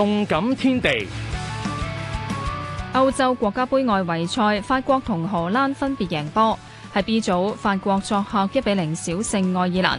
動感天地。歐洲國家盃外圍賽，法國同荷蘭分別贏波，喺 B 組，法國作客一比零小勝愛爾蘭。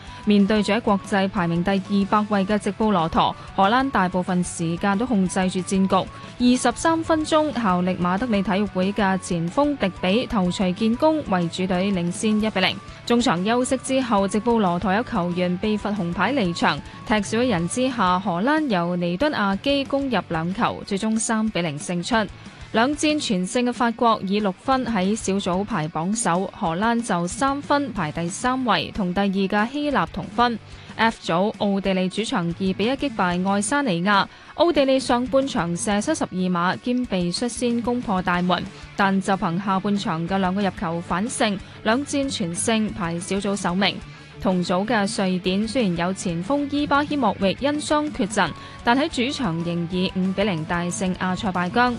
面對住喺國際排名第二百位嘅直布羅陀，荷蘭大部分時間都控制住戰局。二十三分鐘，效力馬德里體育會嘅前鋒迪比頭槌建功，為主隊領先一比零。中場休息之後，直布羅陀有球員被罰紅牌離場，踢少一人之下，荷蘭由尼敦亞基攻入兩球，最終三比零勝出。兩戰全勝嘅法國以六分喺小組排榜首，荷蘭就三分排第三位，同第二嘅希臘同分。F 組奧地利主場二比一擊敗愛沙尼亞，奧地利上半場射失十二碼兼被率先攻破大門，但就憑下半場嘅兩個入球反勝，兩戰全勝排小組首名。同組嘅瑞典雖然有前鋒伊巴希莫域因傷缺陣，但喺主場仍以五比零大勝亞塞拜疆。